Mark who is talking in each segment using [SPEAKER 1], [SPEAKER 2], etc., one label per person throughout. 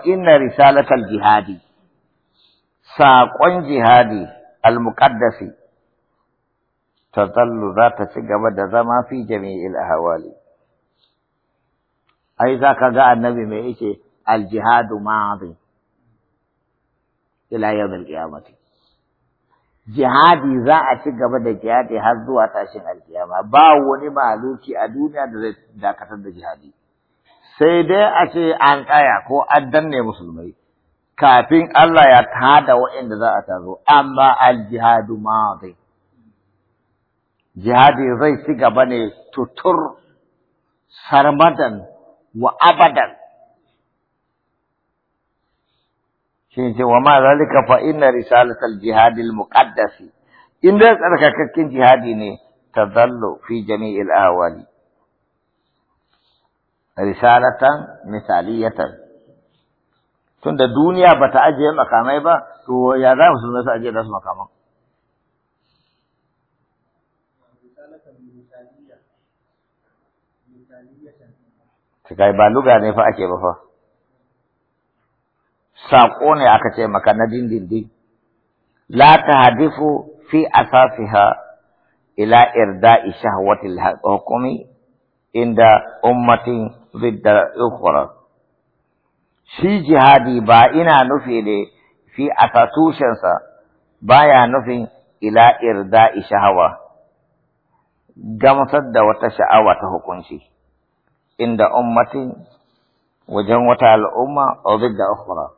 [SPEAKER 1] فإن رسالة الجهاد ساقون جهادي المقدس تظل ذات سجبة زما في جميع الأهوال أي ذاك جاء النبي ما إيشي الجهاد ماضي إلى يوم القيامة جهادي ذا a ci gaba da jihadi har zuwa tashin alkiyama ba wani maluki a sai dai a ce an tsaya ko an danne musulmai kafin Allah ya tada waɗanda za a tazo amma aljihadu madi jihadi zai ci gaba ne tutur sarmadan wa abadan shi ce wa ma zalika fa inna risalatal jihadil muqaddasi in dai tsarkakakken jihadi ne tazallu fi jami'il awali risalatan misaliyatan tunda duniya ba ta ajiye makamai ba to ya za su zama su ajiye nasu makaman kai ba luga ne fa ake ba fa saƙo ne aka ce maka na dindindin la hadifu fi asasiha ila irda'i shahwatil hukumi عند ummatin ضد الأخرى shi jihadi ba ina nufi ne fi a tatushensa baya nufi ila irda ishawa gamsar da wata sha'awa ta hukunci inda ummatin wajen wata al'umma ovid da ukhra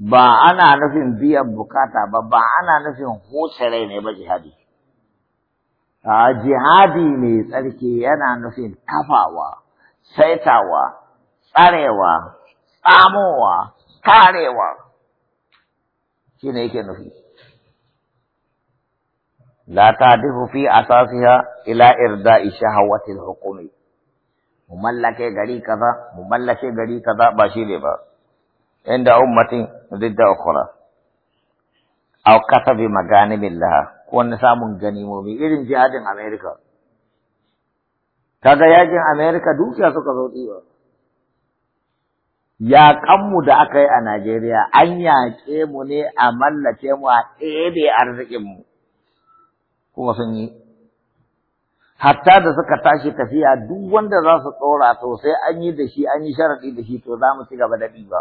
[SPEAKER 1] ba ana nufin biyan bukata ba ba ana nufin hutsare ne ba jihadi a jihadi mai tsarki yana nufin kafawa saitawa tsarewa tsamowa karewa shi ne yake nufi la tadifu fi asasiha ila isha shahawatil hukumi mu mallake gari kaza mu mallake gari kaza ba shi ne ba inda ummatin ridda ukhra aw kasabi maganimin laha wani samun ganimomi irin jihadin Amerika. Kaga yakin Amerika dukiya suka zo ɗiwa. Yaƙanmu da aka yi a Najeriya an yaƙe mu ne a mallace mu a ɗebe arzikinmu, kuma sun yi. Hatta da suka tashi tafiya duk wanda za su tsora to sai an yi da shi an yi sharaɗi da shi to za mu ci gaba da ɗiba.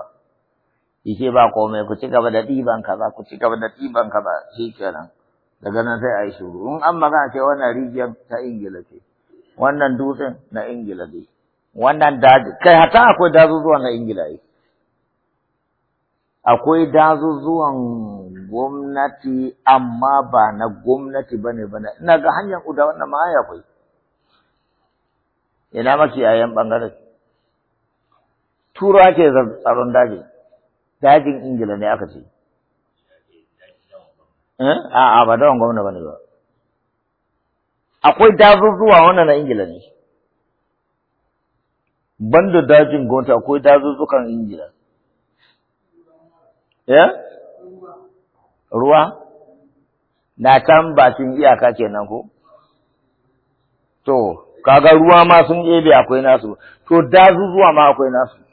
[SPEAKER 1] Ike ba komai ku ci gaba da ɗiban kaza ku ci gaba da ɗiban kaza shi kenan. daga nan sai a yi shuru in an magana ce wannan rijiyar ta ingila ce wannan dutsen na ingila ne wannan daji kai hata akwai dazuzuwa na ingila ne akwai dazuzuwan gwamnati amma ba na gwamnati ba ne ba ina ga hanyar uda wannan ma ya kwai ina 'ya'yan ɓangaren turawa ke tsaron daji dajin ingila ne aka ce Eh? a'a ba dawan gwamna ba ne ba akwai dazuzuwa wannan na ingila ne banda dajin gonta akwai dazuzzukan ingila ya eh? ruwa na can bakin iyaka kenan ko to kaga ruwa ma sun ebe akwai nasu to dazuzuwa ma akwai nasu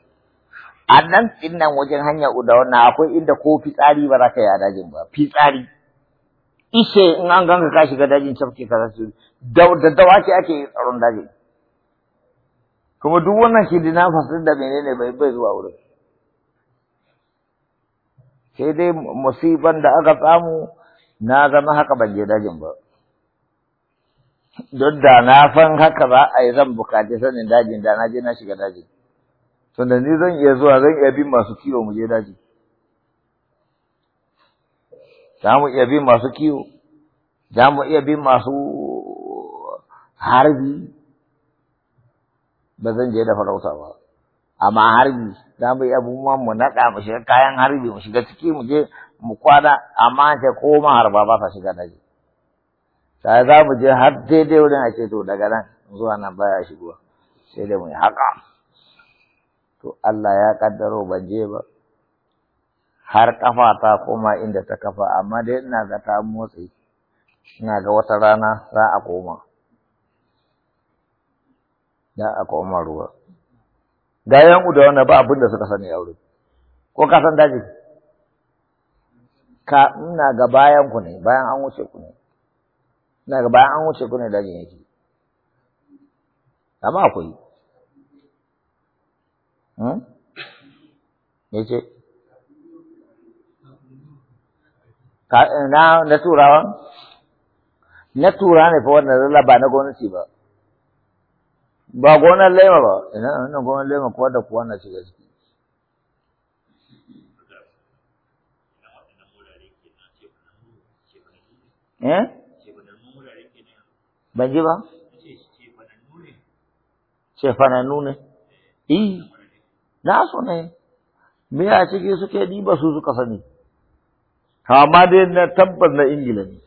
[SPEAKER 1] a nan tsinnan wajen hanya uda wannan akwai inda ko fitsari ba za ka yi a dajin ba fitsari ishe in an ganga ka shiga dajin cafke ka zasu da dawaki ake tsaron daji kuma duk wannan shi dina fasin da menene bai bai zuwa wurin sai dai musiban da aka samu na zama haka ban je dajin ba duk da na san haka ba a yi zan bukaci sanin dajin da na je na shiga dajin tunda ni zan iya zuwa zan iya bin masu kiwo mu je daji za mu iya bin masu kiwo za mu iya bin masu harbi ba zan je da farauta ba amma harbi za mu iya bin mu naɗa mu shiga kayan harbi mu shiga ciki mu je mu kwana amma ce koma harba ba sa shiga daji sai za mu je har daidai wurin a ce to daga nan zuwa nan baya shigo. sai dai mu yi haka to Allah ya kaddaro ban je ba har ƙafa ta koma inda ta kafa amma dai ina ga ta motsi ina ga wata rana za a koma za a koma ruwa ga yan na wanda ba abin da suka sani aure ko ka san daji ka ina ga bayan ku ne bayan an wuce ku ne ina ga bayan an wuce ku ne dajin yake amma akwai Hmm? Yace, na na turawa na tura ne fa wannan zalla ba na gwamnati ba ba gonar lema ba ina na gonar lema kuwa da kuwa na shiga ciki eh ban ji ba ce fana ne eh na so ne me a ciki suke diba su suka sani amma dai na tabbas na ingila ne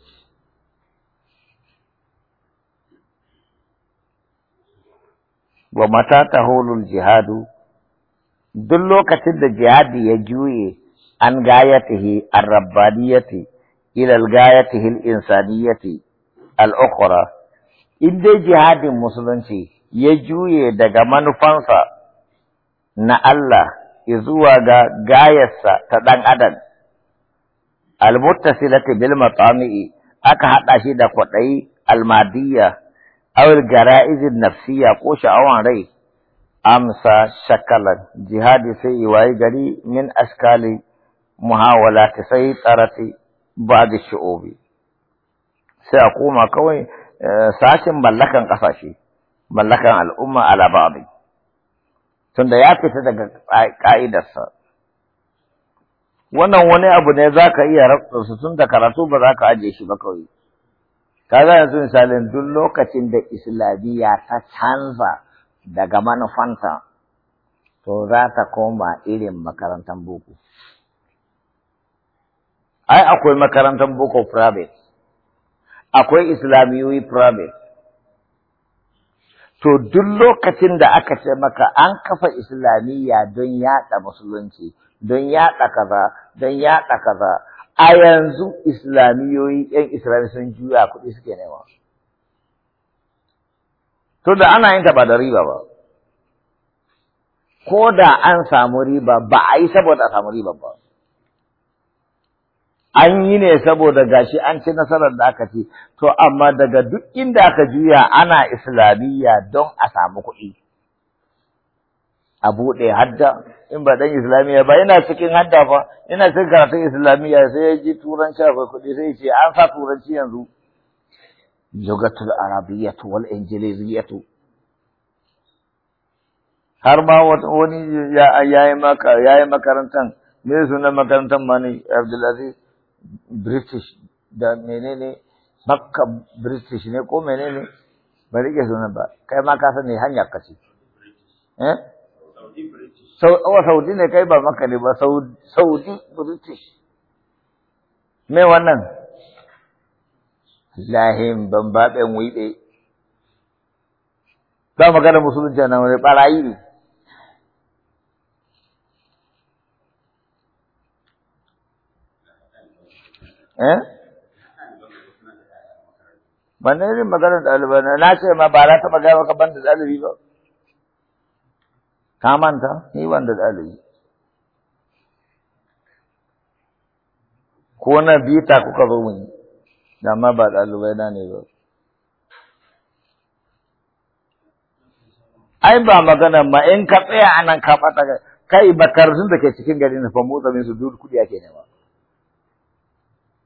[SPEAKER 1] wa mata tahulul jihadu duk lokacin da jihadi ya juye an gayatihi an rabbaniyati ilal ya insaniyati al'ukura in dai jihadin musulunci ya juye daga manufansa na Allah zuwa ga gayarsa ta ɗan adam almuttasilati bil matami'i aka hada shi da kwaɗayi almadiyya aw al-gara'iz nafsiyya ko sha'awan rai amsa shakalan jihadi sai waye gari min askali ta sai tarati ba'd shu'ubi sai a koma kawai eh, sashin mallakan kasashe mallakan al'umma ala ba'd tunda ya fita daga ka'idarsa wannan wani abu ne za ka iya su tun da karatu ba za ka ajiye shi ba kawai kaga yanzu misalin duk lokacin da islamiyya ta canza daga manufanta to za ta koma irin makarantar boko ai akwai makarantar boko private akwai islamiyoyi private to duk lokacin da aka ce maka an kafa islamiyya don yaɗa musulunci don yaɗa kaza don yaɗa kaza a yanzu islamiyoyi yan islami sun juya kuɗi suke nema to da ana yin ba da riba ba ko da an samu riba ba a yi saboda a samu riba ba an yi ne saboda gashi an ci nasarar da aka ci to amma daga duk inda aka juya ana islamiyya don a samu kuɗi a buɗe hadda in ba ɗan islamiyya ba yana cikin hadda fa yana cikin karatun islamiyya sai ya ji turanci akwai kuɗi sai ce an sa turanci yanzu lugatul arabiyyatu wal injiliziyyatu har ma wani yayi maka yayi makarantan me sunan makarantan ma ne Abdulaziz British da menene Makka British ne ko menene ba rike sunan ba kai ma ka sani hanya kace eh Oh, Saudi ne kai ba maka ne ba, Saudi British. Me wannan? Lahin bambaɓen wuɗe. Za magana musulunci na wani ɓarayi ne. Eh? Ban irin maganar ɗalibai na ce ma ba za ta magana maka ban da ɗalibi ba. ka manta ni wanda ko na bita kuka zo mu Dama da ba ɗalibai na ne ba ai ba magana ma in ka tsaya anan ka fata kai bakarsun da ke cikin gari na famu min su duk kuɗi ake nema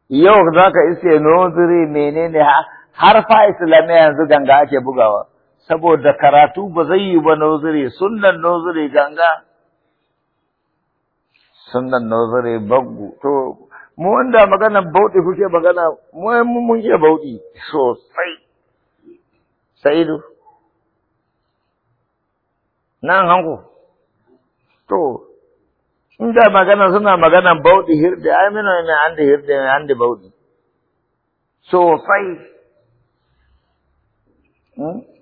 [SPEAKER 1] yau za ka iske noziri menene har fa islamiyya yanzu ganga ake bugawa saboda karatu ba zai yi ba nozire sunan nozire ganga Sunan nozire bangu. to mu wanda magana bauɗi kuke magana mu mun iya bauɗi sosai du, nan hanku to inda magana suna magana bauɗi hirde ai mino ne an da hirde ne an da bauɗi sosai hmm?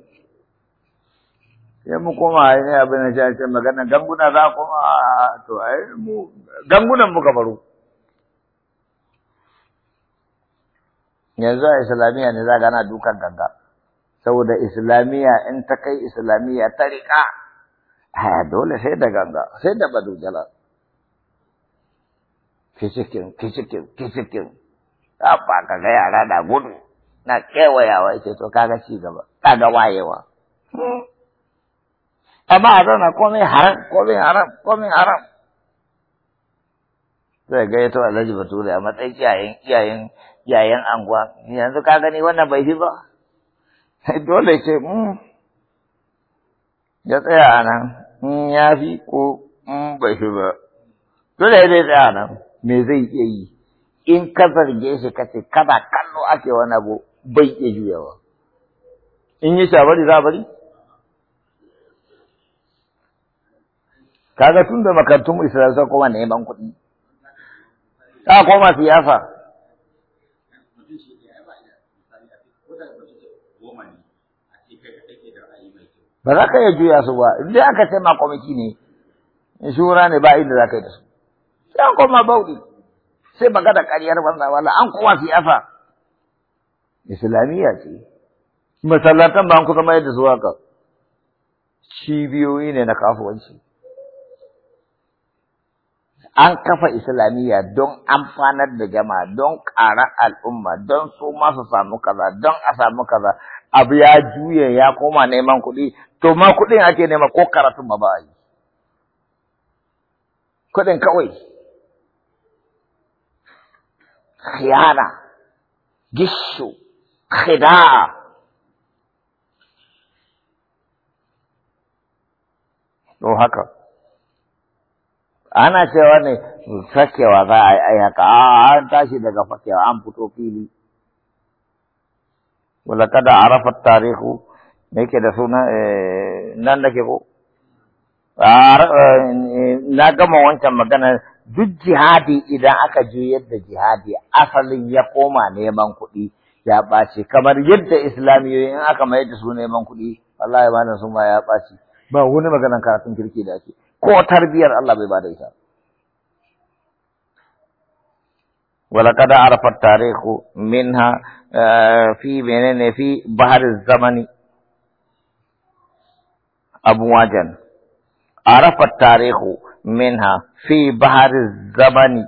[SPEAKER 1] sai mu koma ne abin da ya ce magana ganguna za kuma to ai mu gangunan muka baro yanzu a islamiyya ne za gana dukan ganga saboda islamiyya in ta kai islamiyya ta riƙa a dole sai da ganga sai da jala, kicikin kicikin kicikin ta ba ka ga yara da gudu na kewayawa ce to kaga ci gaba kaga wayewa amma a zauna komai haram komai haram komai haram zai ga yato alhaji bature a matsayin iyayen iyayen iyayen anguwa yanzu ka gani wannan bai fi ba dole ce mm. ya tsaya a nan in mm, ya fi ko in mm, bai fi ba dole ya zai tsaya a nan me zai iya yi in ka zarge shi ka ce kada kallo ake wani abu bai iya juyawa in yi shabari za a bari kaga tun da makarantun Isra'ila sai koma neman kuɗi ta koma siyasa ba za ka iya juya su ba in dai aka ce ma kwamiti ne in shura ne ba inda za ka yi da su sai an koma bauɗi sai magana ƙaryar banza wala an koma siyasa islamiyya ce masallatan ba an kusa mai da su haka cibiyoyi ne na kafuwanci an kafa islamiyya don amfanar da jama'a don ƙara al'umma don su masu samu kaza don a samu kaza abu ya juya ya koma neman kuɗi to ma kuɗin ake nema ko karatun ba yi kuɗin kawai khiyana gishu khida'a to haka ana cewa ne fakewa za a yi haka a an tashi daga fakewa an fito fili wala kada arafa tarihu me yake da suna eh, nan da ke ko eh, na gama wancan magana duk jihadi idan aka juyar yadda jihadi asalin ya koma neman kuɗi ya ɓaci kamar yadda islamiyoyi in aka mayar da su neman kuɗi wallahi malam sun ma ya ɓaci ba wani maganan karatun kirki da ake ko tarbiyar Allah bai bada ita wala kada arafa tarihu minha eh, fi menene fi bahar zamani abun wajen arafa tarihu minha fi bahar zamani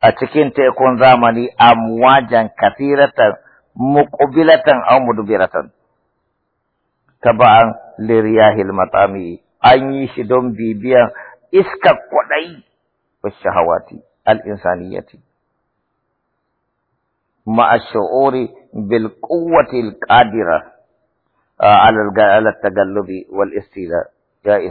[SPEAKER 1] a cikin tekun zamani amwajan kasiratan muqbilatan aw mudbiratan taban liriyahil matami anyi yi shi don bibiyan iskar kwaɗayi shahawati al-insaniyati ma'a shu'uri bil quwwati al-qadira ala al tagallubi wal istila ya